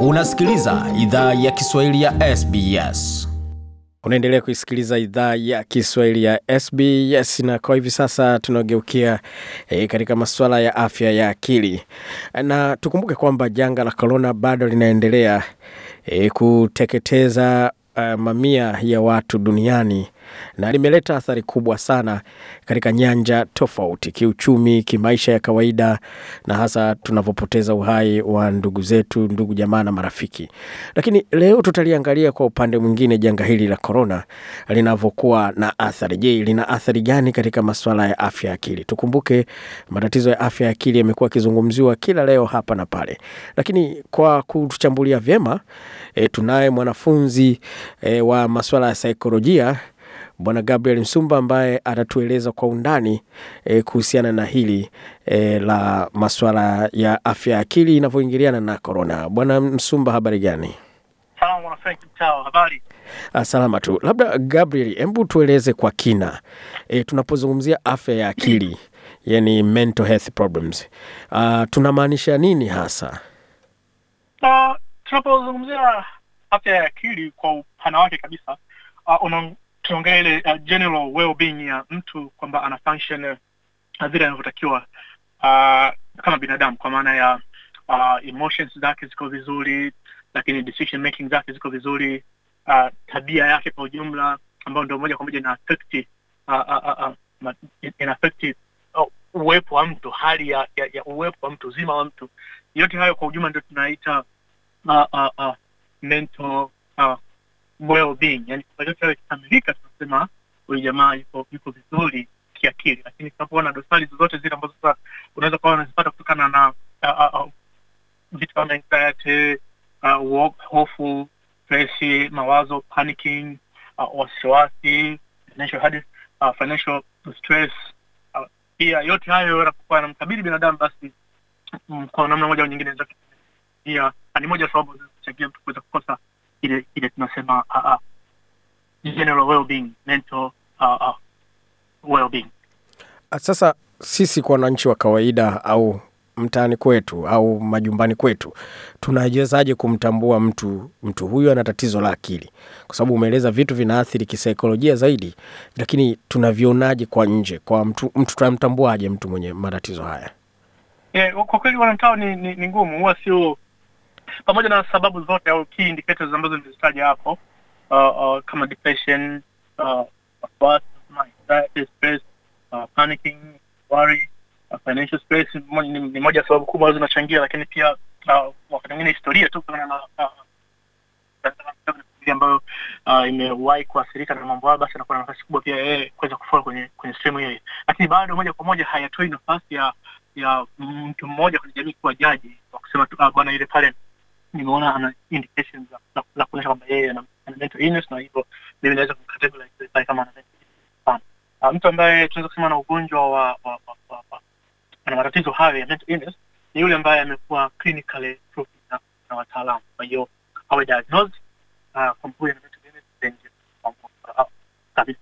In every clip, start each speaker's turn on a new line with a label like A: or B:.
A: Unasikiliza idhaa ya Kiswahili ya SBS. Unaendelea kuisikiliza idhaa ya Kiswahili ya SBS na kwa hivi sasa tunageukia e, katika masuala ya afya ya akili, na tukumbuke kwamba janga la korona bado linaendelea e, kuteketeza uh, mamia ya watu duniani na limeleta athari kubwa sana katika nyanja tofauti, kiuchumi, kimaisha ya kawaida, na hasa tunavyopoteza uhai wa ndugu zetu, ndugu jamaa na marafiki. Lakini leo tutaliangalia kwa upande mwingine, janga hili la korona linavyokuwa na athari. Je, lina athari gani katika masuala ya afya ya akili? Tukumbuke matatizo ya afya ya akili yamekuwa akizungumziwa kila leo hapa na pale, lakini kwa kutuchambulia vyema e, tunaye mwanafunzi e, wa masuala ya saikolojia Bwana Gabriel Msumba ambaye atatueleza kwa undani e, kuhusiana na hili e, la masuala ya afya ya akili inavyoingiliana na korona. Bwana Msumba, habari gani? Ah, salama tu. Labda Gabriel, hebu tueleze kwa kina e, tunapozungumzia afya ya akili yani mental health problems uh, tunamaanisha nini hasa?
B: Uh, tunapozungumzia afya ya akili kwa upana wake kabisa uh, tunaongelea ile uh, general well-being ya mtu kwamba ana function uh, vile anavyotakiwa uh, kama binadamu kwa maana ya uh, emotions zake ziko vizuri lakini decision making zake ziko vizuri uh, tabia yake kwa ujumla ambayo ndio moja kwa moja ina affect uh, uh, uh, uh ina affect uh, uwepo wa mtu hali ya, ya, ya uwepo wa mtu uzima wa mtu yote hayo kwa ujumla ndio tunaita uh, uh, uh, mental uh, well-being, yani achawe kikamilika, tunasema huyu jamaa yuko yuko vizuri kiakili, lakini tunapoona na dosari zozote zile ambazo sasa unaweza kuwa unazipata kutokana na vitu kama anxiety, hofu, stress, mawazo, panicking, uh, wasiwasi, financial hardness, uh, financial stress pia yote hayo yanapokuwa yanamkabili binadamu, basi mm, kwa namna moja au nyingine pia ni moja sababu tunasema uh, uh, general well-being, mental uh, uh, well-being.
A: Ah, sasa sisi kwa wananchi wa kawaida au mtaani kwetu au majumbani kwetu tunawezaje kumtambua mtu mtu huyu ana tatizo la akili? Kwa sababu umeeleza vitu vinaathiri kisaikolojia zaidi, lakini tunavionaje kwa nje? Kwa mtu, mtu tunamtambuaje mtu mwenye matatizo haya?
B: Yeah, kwa kweli wanamtao ni, ni, ni ngumu, huwa sio pamoja na sababu zote au key indicators ambazo nilizitaja hapo uh, uh, kama depression uh, anxiety, stress, uh, panicking, worry, uh, financial stress ni, ni moja ya sababu kubwa ambazo zinachangia, lakini pia uh, wakati mwingine historia tu kutokana na uh, ambayo uh, imewahi kuathirika na mambo hayo, basi anakuwa na nafasi kubwa pia yeye eh, kuweza kufol kwenye kwenye sehemu hiyo, lakini bado moja kwa moja hayatoi nafasi ya ya mtu mmoja kwenye jamii kuwa jaji wa kusema tu uh, bwana yule pale nimeona ana indications za, kuonyesha kwamba yeye ana, na hivyo mimi naweza kumcategorize kama ana ah, mtu ambaye tunaweza kusema na ugonjwa wa, ana matatizo hayo ya ni yule ambaye amekuwa na, na wataalamu. Kwa awe diagnosed ah, ah,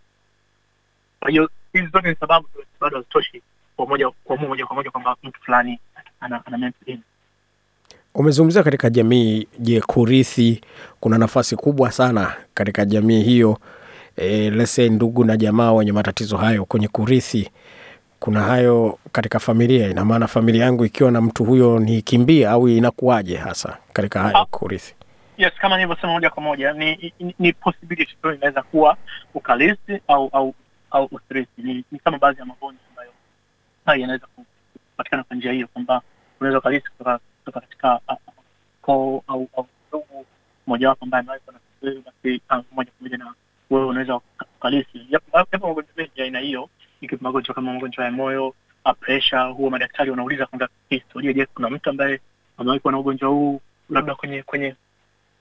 B: hizi zote ni sababu bado hazitoshi kwa moja kwa moja kwa moja kwamba mtu fulani ana
A: Umezungumzia katika jamii, je, kurithi kuna nafasi kubwa sana katika jamii hiyo? E, lese ndugu na jamaa wenye matatizo hayo kwenye kurithi, kuna hayo katika familia. Ina maana familia yangu ikiwa na mtu huyo ni kimbia au inakuwaje hasa katika hayo ah. kurithi?
B: Yes, kama nilivyosema moja kwa moja ni, ni, ni possibility tu inaweza kuwa ukalisi au au au usirithi. Ni, ni kama baadhi ya magonjwa ambayo yanaweza kupatikana kwa njia hiyo kwamba unaweza ukalisi kutoka kutoka katika uh, koo au au ndugu mmojawapo ambaye amewai kuwa na tatizo basi uh, moja kwa moja na wewe unaweza ukalisi. Yapo magonjwa mengi aina hiyo, ikiwa magonjwa kama magonjwa ya moyo, uh, presha, huwa madaktari wanauliza kwanza historia, je, kuna mtu ambaye amewai kuwa na ugonjwa huu labda kwenye kwenye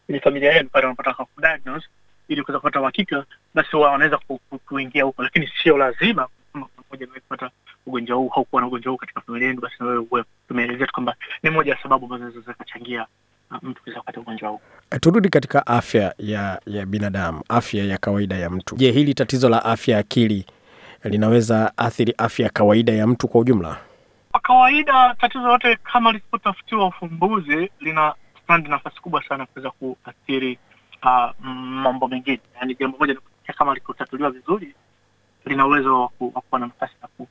B: kwenye familia yenu pale wanapata kudiagnose ili kuweza kupata uhakika, basi huwa wanaweza kuingia huko, lakini sio lazima kama kuna mmoja amewahi kupata ugonjwa huu, haukuwa na ugonjwa huu katika familia yenu, basi nawewe Tumeelezea tu kwamba ni moja ya sababu ambazo zinaweza zikachangia uh, mtu kuweza kupata ugonjwa huu.
A: Eh, turudi katika afya ya, ya binadamu, afya ya kawaida ya mtu. Je, hili tatizo la afya ya akili linaweza athiri afya ya kawaida ya mtu kwa ujumla?
B: Kwa kawaida tatizo lote kama lisipotafutiwa ufumbuzi lina stand nafasi kubwa sana kuweza kuathiri uh, mambo mengine. Yaani jambo moja kama likotatuliwa vizuri lina uwezo wa kuwa na nafasi ya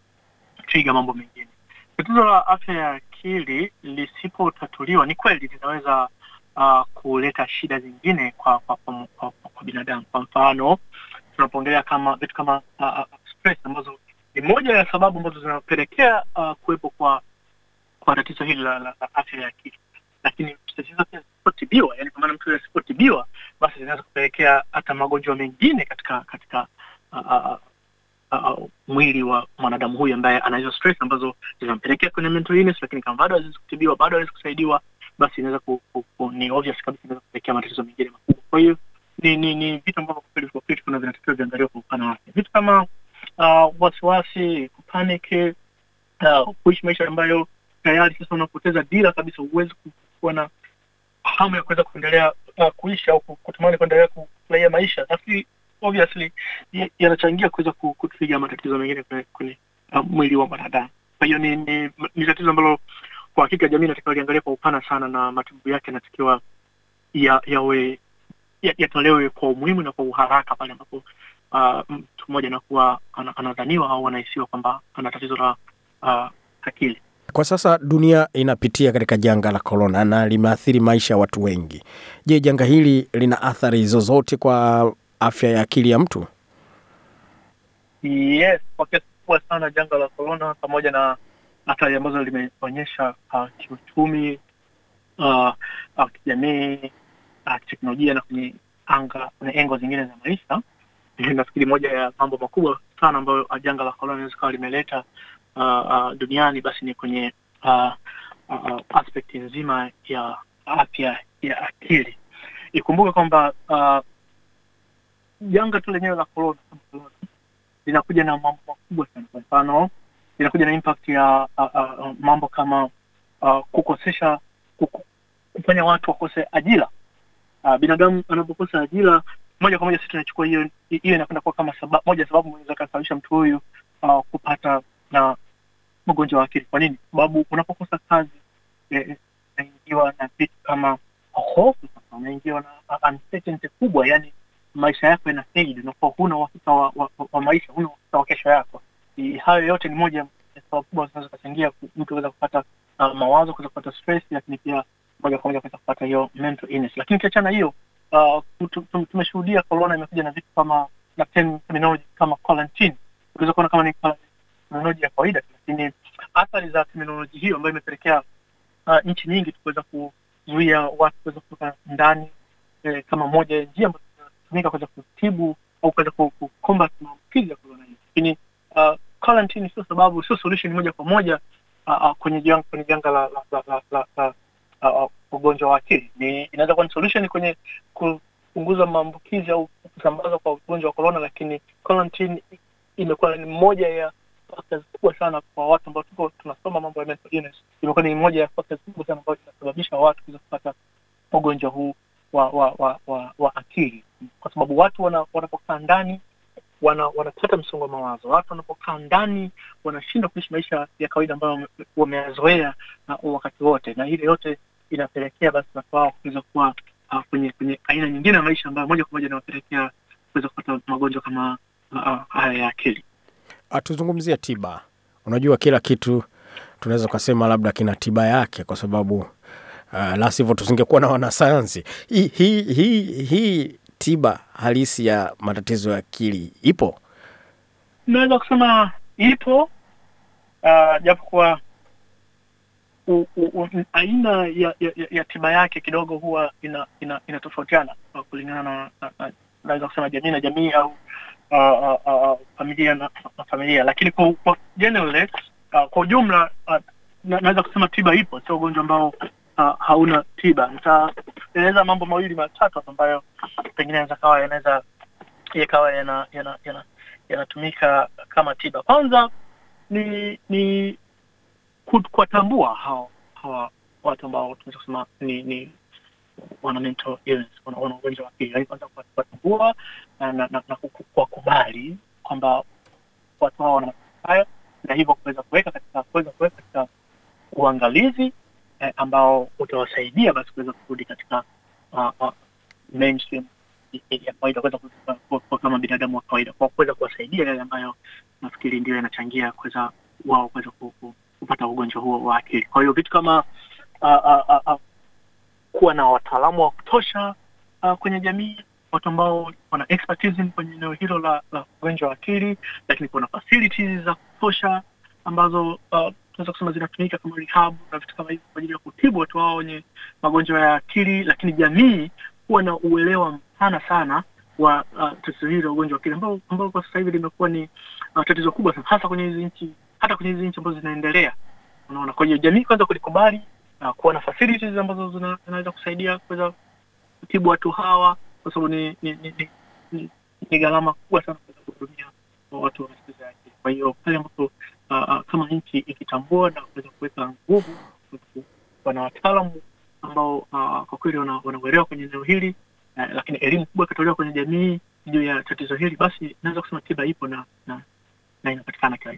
B: kutriga mambo mengine. Tatizo la afya ya akili lisipotatuliwa, ni kweli linaweza uh, kuleta shida zingine kwa kwa, kwa, kwa, kwa binadamu. Kwa mfano tunapoongelea kama vitu kama uh, stress ambazo ni moja ya sababu ambazo zinapelekea uh, kuwepo kwa kwa tatizo hili la, la, la afya ya akili, lakini tatizo pia zisipotibiwa, yani kwa maana mtu asipotibiwa, basi zinaweza kupelekea hata magonjwa mengine katika katika uh, uh, Uh, uh, mwili wa mwanadamu huyu ambaye anazo stress ambazo zinampelekea kwenye mental illness, lakini kama bado hawezi kutibiwa, bado hawezi kusaidiwa, basi inaweza ku, ku, ku, ni obvious kabisa inaweza kupelekea matatizo mengine makubwa. Kwa hiyo ni ni ni vitu ambavyo kwa kweli kwa kweli kuna vinatakiwa viangaliwa kwa upana wake, vitu kama uh, wasiwasi, kupanic uh, kuishi maisha ambayo tayari sasa unapoteza dira kabisa, huwezi kuwa na hamu ya kuweza kuendelea uh, kuishi au kutamani kuendelea kufurahia maisha. Nafikiri obviously yanachangia kuweza kutupiga matatizo mengine kwenye, kwenye uh, mwili wa mwanadamu. Kwa hiyo ni, ni, ni tatizo ambalo kwa hakika jamii inatakiwa liangalia kwa upana sana, na matibabu yake yanatakiwa yawe ya yatolewe ya kwa umuhimu na kwa uharaka pale ambapo uh, mtu mmoja anakuwa anadhaniwa au anahisiwa kwamba ana tatizo la uh, akili.
A: Kwa sasa dunia inapitia katika janga la korona na limeathiri maisha ya watu wengi. Je, janga hili lina athari zozote kwa afya ya akili ya mtu?
B: Yes, kwa kiasi kubwa sana janga la korona pamoja na athari ambazo limeonyesha uh, kiuchumi, uh, uh, kijamii, uh, teknolojia na kwenye anga, kwenye engo zingine za maisha. Nafikiri moja ya mambo makubwa sana ambayo uh, janga la korona inaweza kawa limeleta uh, uh, duniani basi ni kwenye uh, uh, uh aspekti nzima ya afya ya akili. Ikumbuke kwamba uh, janga tu lenyewe la corona linakuja na mambo makubwa sana. Kwa mfano, linakuja na impact ya uh, uh, mambo kama uh, kukosesha kuku, kufanya watu wakose ajira uh, binadamu anapokosa ajira moja kwa moja sisi tunachukua hiyo hiyo inakwenda kuwa kama sababu moja sababu inaweza kusababisha mtu huyu uh, kupata na mgonjwa wa akili. Kwa nini? Sababu unapokosa kazi eh, na vitu kama hofu, unaingiwa na uncertainty kubwa, yani maisha yako yana fade, unakuwa huna uhakika wa, wa, wa maisha, huna uhakika wa kesho yako. Hayo yote ni moja ya sababu kubwa zinaweza kachangia mtu kuweza kupata uh, mawazo, kuweza kupata stress, lakini pia moja kwa moja kuweza kupata hiyo mental illness. Lakini ukiachana hiyo uh, tumeshuhudia corona imekuja na vitu kama na terminology kama quarantine, unaweza kuona kama ni terminology ya kawaida, lakini athari za terminology hiyo ambayo imepelekea uh, nchi nyingi tukuweza kuzuia watu kuweza kutoka ndani eh, kama moja ya njia ambazo kutumika kuweza kutibu au kuweza kukombat maambukizi ya korona hii, lakini karantini uh, sio sababu, sio solution moja kwa moja uh, uh, kwenye janga, kwenye janga la, la, la, la, la, la uh, uh ugonjwa wa akili. Ni inaweza kuwa ni solution kwenye kupunguza maambukizi au kusambaza kwa ugonjwa wa korona, lakini quarantine imekuwa ni moja ya kubwa sana kwa watu ambao tuko tunasoma mambo ya mental illness, imekuwa ni moja ya kubwa sana ambayo inasababisha watu kuweza kupata ugonjwa huu wa wa wa, wa, wa akili sababu watu wanapokaa ndani wana, wanapata msongo wa mawazo. Watu wanapokaa ndani wanashindwa kuishi maisha ya kawaida ambayo wameyazoea wakati wote, na hili yote inapelekea basi watu wao kuweza kuwa uh, kwenye kwenye aina nyingine ya maisha ambayo moja kwa moja inawapelekea kuweza kupata magonjwa kama
A: ah, ah, haya ya akili. Tuzungumzie tiba. Unajua, kila kitu tunaweza ukasema labda kina tiba yake, kwa sababu uh, la tusingekuwa na wanasayansi. Hii hi, hi, hi, tiba halisi ya matatizo ya akili ipo?
B: Naweza kusema ipo, uh, japokuwa aina ya, ya, ya tiba yake kidogo huwa ina, ina, inatofautiana kulingana na, naweza kusema jamii na jamii au uh, uh, uh, uh familia na, na familia, lakini kwa, kwa uh, kwa ujumla uh, naweza kusema tiba ipo, sio ugonjwa ambao uh, hauna tiba. Nita kutekeleza mambo mawili matatu ambayo pengine yanaweza kawa yanaweza yakawa yana yana yana yanatumika kama tiba. Kwanza ni ni kuwatambua hawa hawa watu ambao tunaweza kusema ni ni wana mental illness, wana wana ugonjwa wa akili, yani kwanza kuwatambua na, na, na, na kuwakubali kwamba watu hao wana haya hayo, na hivyo kuweza kuweka katika kuweza kuweka katika uangalizi eh, ambao utawasaidia basi kuweza kurudi katika uh, uh, mainstream ya kawaida kuweza kuwa kama binadamu wa kawaida kwa kuweza kuwasaidia yale ambayo nafikiri ndio yanachangia kuweza wao kuweza kupata ugonjwa huo wa akili kwa hiyo vitu kama uh, uh, uh, uh, kuwa na wataalamu wa kutosha uh, kwenye jamii watu ambao wana expertise kwenye eneo hilo la, ugonjwa wa akili lakini kuna facilities za kutosha ambazo uh, tunaweza kusema zinatumika kama rehab na vitu kama hivyo kwa ajili ya kutibu watu wao wenye magonjwa ya akili, lakini jamii huwa na uelewa mpana sana wa uh, tatizo hili la ugonjwa wa akili ambao ambao kwa sasa hivi limekuwa ni uh, tatizo kubwa sana hasa kwenye hizi nchi hata kwenye hizi nchi ambazo zinaendelea. Unaona, kwa hiyo jamii kwanza kulikubali na uh, kuwa na facilities ambazo zinaweza kusaidia kuweza kutibu watu hawa kwa sababu ni ni, ni, ni, ni, ni gharama kubwa sana kuweza kuhudumia watu wa matatizo ya akili. Kwa hiyo pale ambapo Uh, uh, kama nchi ikitambua na kuweza kuweka nguvu, wana wataalamu ambao uh, kwa kweli wanauelewa kwenye eneo hili uh, lakini elimu kubwa ikatolewa kwenye jamii juu ya tatizo hili, basi naweza kusema tiba ipo na, na, na inapatikana kila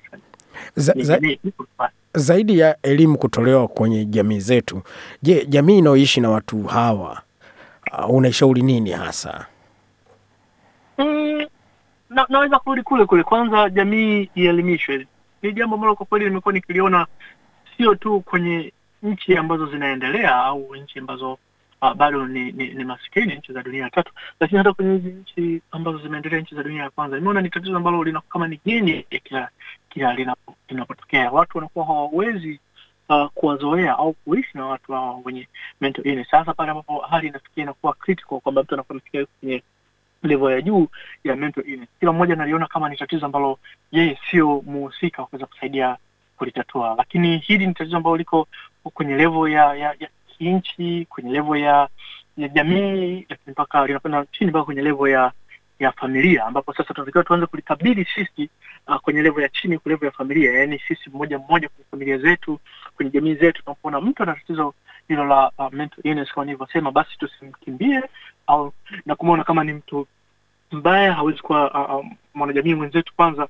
A: za, za, zaidi ya elimu kutolewa kwenye jamii zetu. Je, jamii inayoishi na watu hawa uh, unaishauri nini hasa?
B: Mm, na, naweza kurudi kule kule, kwanza jamii ielimishwe ni jambo ambalo kwa kweli nimekuwa nikiliona sio tu kwenye nchi ambazo zinaendelea au nchi ambazo uh, bado ni, ni, ni masikini nchi za dunia ya tatu, lakini hata kwenye hizi nchi ambazo zimeendelea, nchi za dunia ya kwanza, nimeona ni tatizo ambalo lina kama ni geni kila kila linapotokea. Watu wanakuwa hawawezi uh, kuwazoea au kuishi na watu hao wenye mental Sasa pale ambapo hali inafikia inakuwa critical kwamba mtu anakuwa anafikia kwenye level ya juu ya mental illness. Kila mmoja analiona kama ni tatizo ambalo yeye sio muhusika wa kuweza kusaidia kulitatua, lakini hili ni tatizo ambalo liko kwenye level ya ya, ya kinchi, kwenye level ya ya jamii, mpaka linapenda chini mpaka kwenye level ya ya familia ambapo sasa tunatakiwa tuanze kulikabili sisi uh, kwenye levo ya chini, kwa levo ya familia, yaani sisi mmoja mmoja kwenye familia zetu, kwenye jamii zetu. Tunapoona mtu ana tatizo hilo la uh, mental illness kama nilivyosema, basi tusimkimbie au na kumwona kama ni mtu mbaya, hawezi kuwa uh, um, mwanajamii mwenzetu kwanza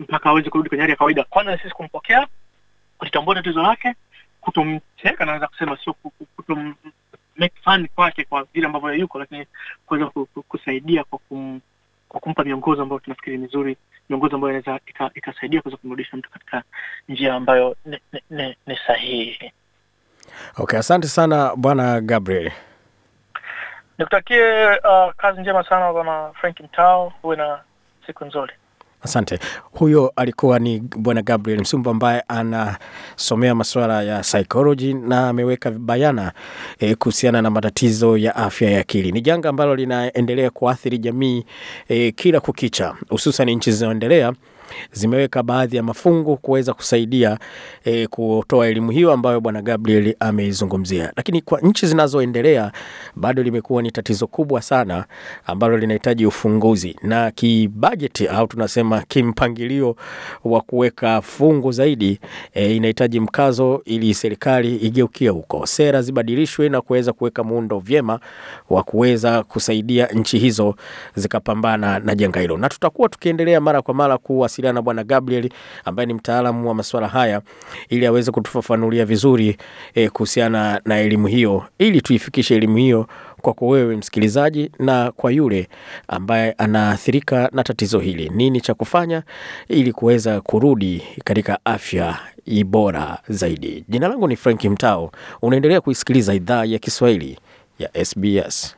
B: mpaka aweze kurudi kwenye hali ya kawaida. Kwanza sisi kumpokea, kulitambua tatizo lake, kutomcheka, naweza kusema sio kutom make fun kwake kwa vile ambavyo yuko, lakini kuweza kusaidia kwa kum, kwa kumpa miongozo ambayo tunafikiri mizuri, miongozo ambayo inaweza ikasaidia kuweza kumrudisha mtu katika njia ambayo ni, ni, ni, ni sahihi.
A: Okay, asante sana Bwana Gabriel.
B: Nikutakie uh, kazi njema sana bwana Frank Mtao, huwe na siku nzuri.
A: Asante. Huyo alikuwa ni bwana Gabriel Msumba ambaye anasomea masuala ya psychology na ameweka bayana e, kuhusiana na matatizo ya afya ya akili. Ni janga ambalo linaendelea kuathiri jamii e, kila kukicha, hususan nchi zinazoendelea zimeweka baadhi ya mafungu kuweza kusaidia e, kutoa elimu hiyo ambayo bwana Gabriel ameizungumzia. Lakini kwa nchi zinazoendelea bado limekuwa ni tatizo kubwa sana ambalo linahitaji ufunguzi na kibajeti au tunasema kimpangilio wa kuweka fungu zaidi e, inahitaji mkazo ili serikali igeukie huko, sera zibadilishwe na kuweza kuweka muundo vyema wa kuweza kusaidia nchi hizo zikapambana na janga hilo, na tutakuwa tukiendelea mara kwa mara kuwa kuwasiliana na bwana Gabriel ambaye ni mtaalamu wa masuala haya ili aweze kutufafanulia vizuri e, kuhusiana na elimu hiyo ili tuifikishe elimu hiyo kwako wewe msikilizaji na kwa yule ambaye anaathirika na tatizo hili, nini cha kufanya ili kuweza kurudi katika afya bora zaidi. Jina langu ni Frank Mtao, unaendelea kuisikiliza idhaa ya Kiswahili ya SBS.